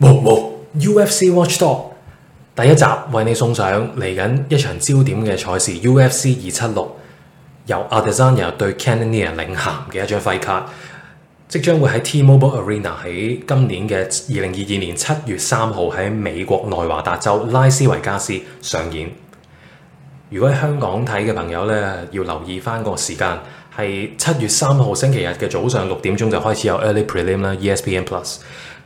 冇冇、wow, wow, UFC Watchdog 第一集為你送上嚟緊一場焦點嘅賽事 UFC 二七六由 Adesanya 對 Cannonier 領銜嘅一張 fight card，即將會喺 T-Mobile Arena 喺今年嘅二零二二年七月三號喺美國內華達州拉斯維加斯上演。如果喺香港睇嘅朋友咧，要留意翻個時間係七月三號星期日嘅早上六點鐘就開始有 Early Prelim 啦，ESPN Plus。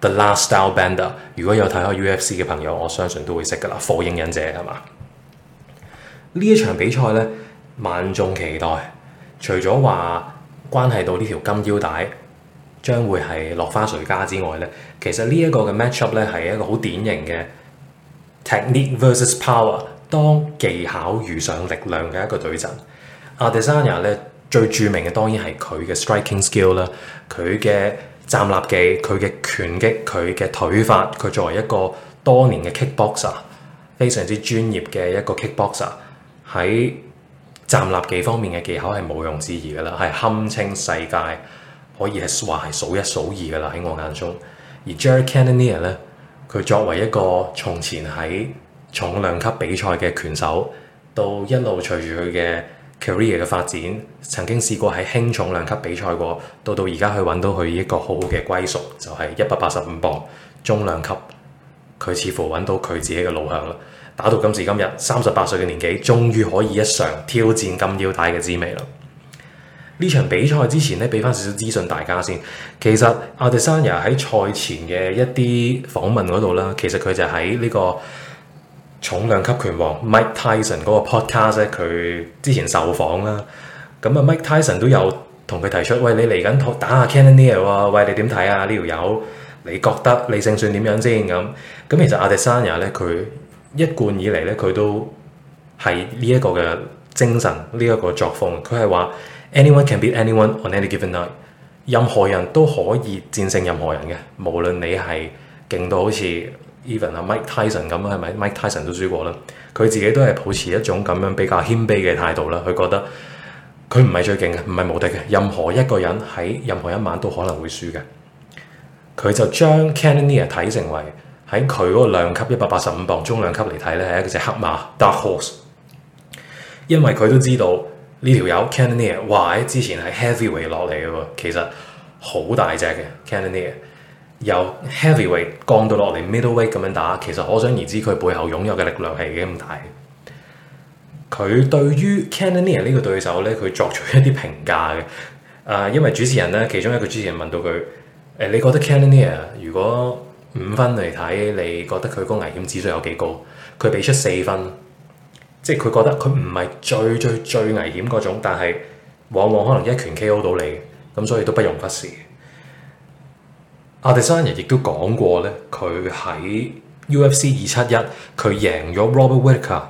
The Last Stylebender，如果有睇開 UFC 嘅朋友，我相信都會識噶啦，火影忍者係嘛？呢一場比賽咧，萬眾期待。除咗話關係到呢條金腰帶，將會係落花誰家之外咧，其實呢一個嘅 matchup 咧係一個好典型嘅 technique versus power，當技巧遇上力量嘅一個對陣。Adesanya 咧最著名嘅當然係佢嘅 striking skill 啦，佢嘅。站立技，佢嘅拳擊，佢嘅腿法，佢作為一個多年嘅 kickboxer，非常之專業嘅一個 kickboxer，喺站立技方面嘅技巧係毋庸置疑噶啦，係堪稱世界可以係話係數一數二噶啦喺我眼中。而 Jared Cannonier 咧，佢作為一個從前喺重量級比賽嘅拳手，到一路隨住佢嘅 career 嘅發展，曾經試過喺輕重量級比賽過，到到而家去揾到佢一個好嘅歸屬，就係一百八十五磅中量級，佢似乎揾到佢自己嘅路向啦。打到今時今日，三十八歲嘅年紀，終於可以一嘗挑戰金腰帶嘅滋味啦。呢場比賽之前呢，俾翻少少資訊大家先。其實阿迪山亞喺賽前嘅一啲訪問嗰度啦，其實佢就喺呢、這個。重量級拳王 Mike Tyson 嗰個 podcast 佢之前受訪啦，咁啊 Mike Tyson 都有同佢提出，喂，你嚟緊打下 c a n n o n i e r e 喎，喂你點睇啊？呢條友你覺得你勝算點樣先？咁咁其實阿 s 隻山人咧，佢一貫以嚟咧，佢都係呢一個嘅精神，呢、這、一個作風。佢係話 Anyone can beat anyone on any given night，任何人都可以戰勝任何人嘅，無論你係勁到好似。Even 阿 Mike Tyson 咁啊，係咪 Mike Tyson 都輸過啦。佢自己都係抱持一種咁樣比較謙卑嘅態度啦。佢覺得佢唔係最勁嘅，唔係無敵嘅。任何一個人喺任何一晚都可能會輸嘅。佢就將 Cannonier 睇成為喺佢嗰個量級一百八十五磅中量級嚟睇咧係一隻黑馬 Dark Horse，因為佢都知道呢條友 Cannonier 哇之前喺 Heavyweight 落嚟嘅喎，其實好大隻嘅 Cannonier 由 heavyweight 降到落嚟 middleweight 咁樣打，其實可想而知佢背後擁有嘅力量係幾咁大。佢對於 Cannonier 呢個對手咧，佢作出一啲評價嘅。啊、呃，因為主持人咧，其中一個主持人問到佢：誒、呃，你覺得 Cannonier 如果五分嚟睇，你覺得佢個危險指數有幾高？佢俾出四分，即係佢覺得佢唔係最最最危險嗰種，但係往往可能一拳 KO 到你，咁所以都不容忽視。阿迪沙尼亦都講過咧，佢喺 UFC 二七一，佢贏咗 Robert Whittaker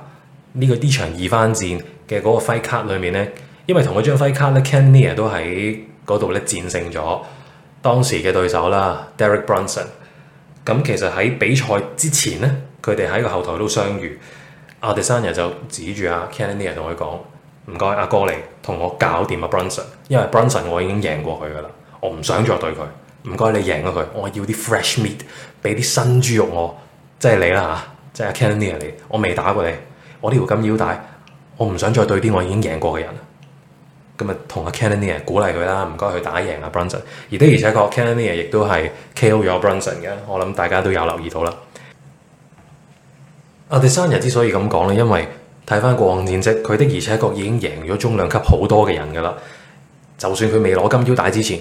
呢個呢場二番戰嘅嗰個 fight card 裏面咧，因為同嗰張 fight card 咧，Cannonier 都喺嗰度咧戰勝咗當時嘅對手啦，Derek Brunson。咁其實喺比賽之前咧，佢哋喺個後台都相遇。阿迪沙尼就指住阿 Cannonier 同佢講：唔該，阿哥嚟同我搞掂阿、啊、Brunson，因為 Brunson 我已經贏過佢噶啦，我唔想再對佢。唔該，你贏咗佢，我要啲 fresh meat，俾啲新豬肉我，即係你啦吓，即係 Cannonier 你，我未打過你，我呢條金腰帶，我唔想再對啲我已經贏過嘅人，咁啊，同 Cannonier 鼓勵佢啦，唔該佢打贏阿 Brunson，而的而且確 Cannonier 亦都係 KO 咗 Brunson 嘅，我諗大家都有留意到啦。啊，第三人之所以咁講咧，因為睇翻過往戰績，佢的而且確已經贏咗中量級好多嘅人噶啦，就算佢未攞金腰帶之前。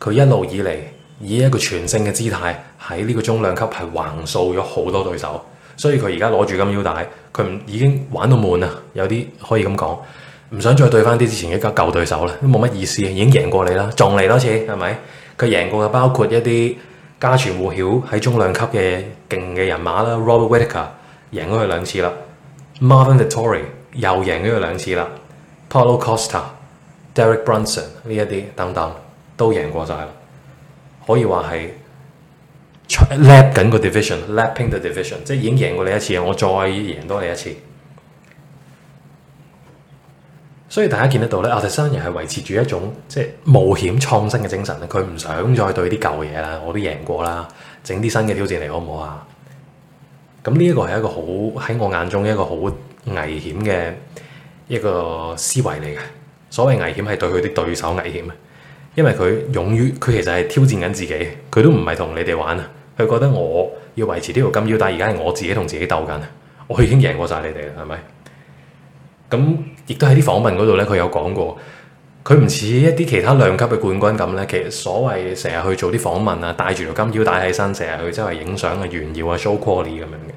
佢一路以嚟以一個全勝嘅姿態喺呢個中量級係橫掃咗好多對手，所以佢而家攞住金腰帶，佢唔已經玩到悶啊，有啲可以咁講，唔想再對返啲之前嘅舊對手啦，都冇乜意思啊，已經贏過你啦，仲嚟多次係咪？佢贏過嘅包括一啲家傳戶曉喺中量級嘅勁嘅人馬啦，Robert Whittaker 贏咗佢兩次啦，Marvin Vettori 又贏咗佢兩次啦，Paulo Costa、Derek Brunson 呢一啲等等。都贏過晒啦，可以話係 lap 緊個 division，lapping the division，即係已經贏過你一次，我再贏多你一次。所以大家見得到咧，Adesanya 又係維持住一種即係冒險創新嘅精神咧。佢唔想再對啲舊嘢啦，我都贏過啦，整啲新嘅挑戰嚟，好唔好啊？咁呢一個係一個好喺我眼中一個好危險嘅一個思維嚟嘅。所謂危險係對佢啲對手危險啊！因為佢勇於，佢其實係挑戰緊自己，佢都唔係同你哋玩啊！佢覺得我要維持呢條金腰帶，而家係我自己同自己鬥緊。我已經贏過晒你哋啦，係咪？咁亦都喺啲訪問嗰度咧，佢有講過，佢唔似一啲其他量級嘅冠軍咁咧。其實所謂成日去做啲訪問啊，戴住條金腰帶起身，成日去周圍影相啊、炫耀啊、show quality 咁樣嘅。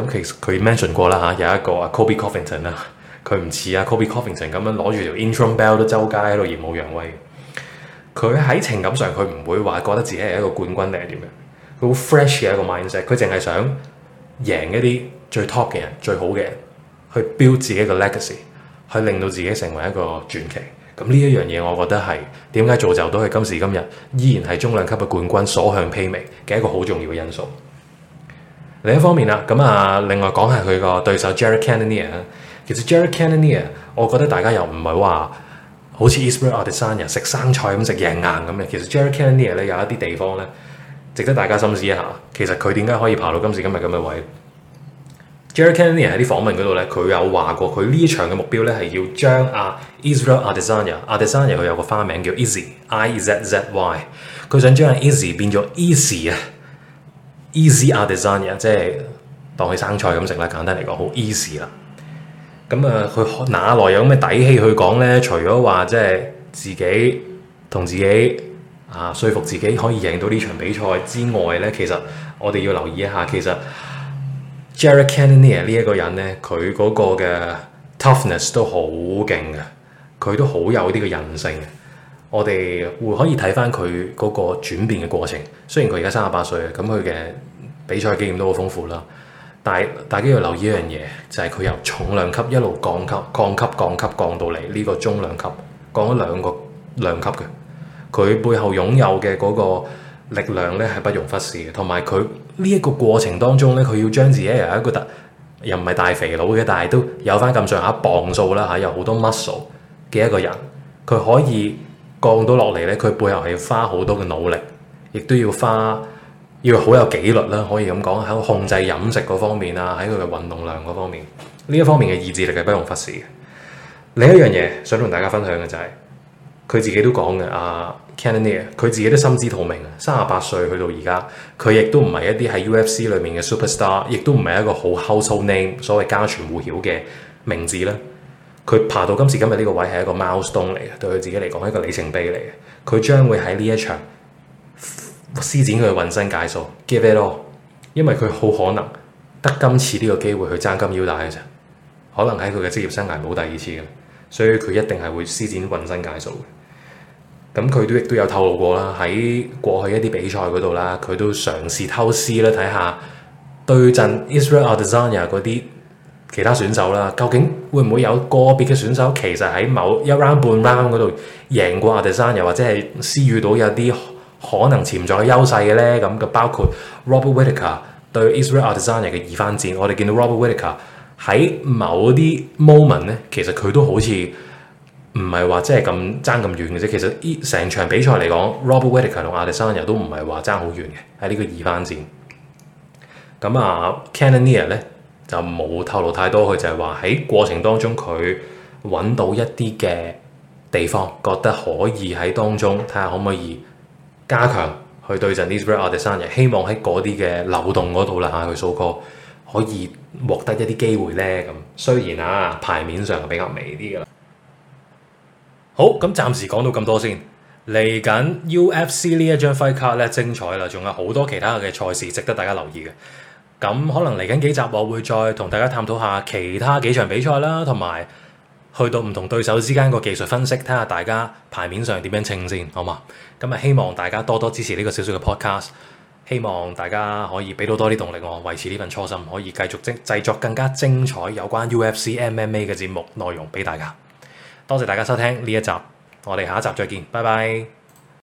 咁其實佢 mention 過啦嚇，有一個啊 Colby Covington 啊，佢唔似啊 Colby Covington 咁樣攞住條 interim belt 都周街喺度耀武揚威。佢喺情感上佢唔會話覺得自己係一個冠軍定係點樣，佢好 fresh 嘅一個 mindset，佢淨係想贏一啲最 top 嘅人、最好嘅人去 build 自己嘅 legacy，去令到自己成為一個傳奇。咁呢一樣嘢，我覺得係點解造就到佢今時今日依然係中量級嘅冠軍所向披靡嘅一個好重要嘅因素。另一方面啦，咁啊，另外講下佢個對手 Jared Cannonier，其實 Jared Cannonier，我覺得大家又唔係話。好似 Israel Adesanya，食生菜咁食硬硬咁嘅，其實 Jared Cannonier 咧有一啲地方咧值得大家深思一下。其實佢點解可以爬到今時今日咁嘅位？Jared Cannonier 喺啲訪問嗰度咧，佢有話過，佢呢場嘅目標咧係要將啊 Israel Adesanya Adesanya，佢有個花名叫 Easy，I Z Z Y，佢想將、e e、Easy 變咗 Easy 啊，Easy Adesanya，即係當佢生菜咁食啦。簡單嚟講、e，好 Easy 啦。咁啊，佢哪來有咩底氣去講咧？除咗話即係自己同自己啊，說服自己可以贏到呢場比賽之外咧，其實我哋要留意一下，其實 Jared Cannonier 呢一個人咧，佢嗰個嘅 toughness 都好勁嘅，佢都好有呢個嘅韌性。我哋會可以睇翻佢嗰個轉變嘅過程。雖然佢而家三十八歲，咁佢嘅比賽經驗都好豐富啦。但係大家要留意一樣嘢，就係、是、佢由重量級一路降級、降級、降級降到嚟呢、這個中量級，降咗兩個量級嘅。佢背後擁有嘅嗰個力量咧，係不容忽視嘅。同埋佢呢一個過程當中咧，佢要將自己又一個特，又唔係大肥佬嘅，但係都有返咁上下磅數啦吓，有好多 muscle 嘅一個人，佢可以降到落嚟咧。佢背後係要花好多嘅努力，亦都要花。要好有紀律啦，可以咁講喺控制飲食嗰方面啊，喺佢嘅運動量嗰方面，呢一方面嘅意志力係不容忽視嘅。另一樣嘢想同大家分享嘅就係、是、佢自己都講嘅，啊 Cannonier，佢自己都心知肚明。三十八歲去到而家，佢亦都唔係一啲喺 UFC 裏面嘅 superstar，亦都唔係一個好 household name，所謂家傳戶曉嘅名字啦。佢爬到今時今日呢個位係一個 milestone 嚟嘅，對佢自己嚟講係一個里程碑嚟嘅。佢將會喺呢一場。施展佢嘅渾身解數，give it all，因為佢好可能得今次呢個機會去爭金腰帶嘅啫，可能喺佢嘅職業生涯冇第二次嘅，所以佢一定係會施展渾身解數嘅。咁佢都亦都有透露過啦，喺過去一啲比賽嗰度啦，佢都嘗試偷師啦，睇下對陣 Israel Adesanya 嗰啲其他選手啦，究竟會唔會有個別嘅選手其實喺某一 round 半 round 嗰度贏過 Adesanya 或者係施遇到有啲可能潛在嘅優勢嘅咧，咁就包括 Robert Whittaker 對 Israel Adesanya 嘅二番戰，我哋見到 Robert Whittaker 喺某啲 moment 咧，其實佢都好似唔係話真係咁爭咁遠嘅啫。其實成場比賽嚟講，Robert Whittaker 同 Adesanya 都唔係話爭好遠嘅喺呢個二番戰。咁啊，Cannonier 咧就冇透露太多，佢就係話喺過程當中佢揾到一啲嘅地方，覺得可以喺當中睇下可唔可以。加強去對陣 NBA 啲生意，希望喺嗰啲嘅漏洞嗰度啦，去 support 可以獲得一啲機會咧。咁雖然啊，牌面上比較美啲嘅。嗯、好，咁暫時講到咁多先。嚟緊 UFC 呢一張 Fight Card 咧，精彩啦！仲有好多其他嘅賽事值得大家留意嘅。咁可能嚟緊幾集，我會再同大家探討下其他幾場比賽啦，同埋。去到唔同對手之間個技術分析，睇下大家牌面上點樣稱先，好嘛？咁啊，希望大家多多支持呢個小小嘅 podcast，希望大家可以俾到多啲動力我維持呢份初心，可以繼續精製作更加精彩有關 UFC MMA 嘅節目內容俾大家。多謝大家收聽呢一集，我哋下一集再見，拜拜。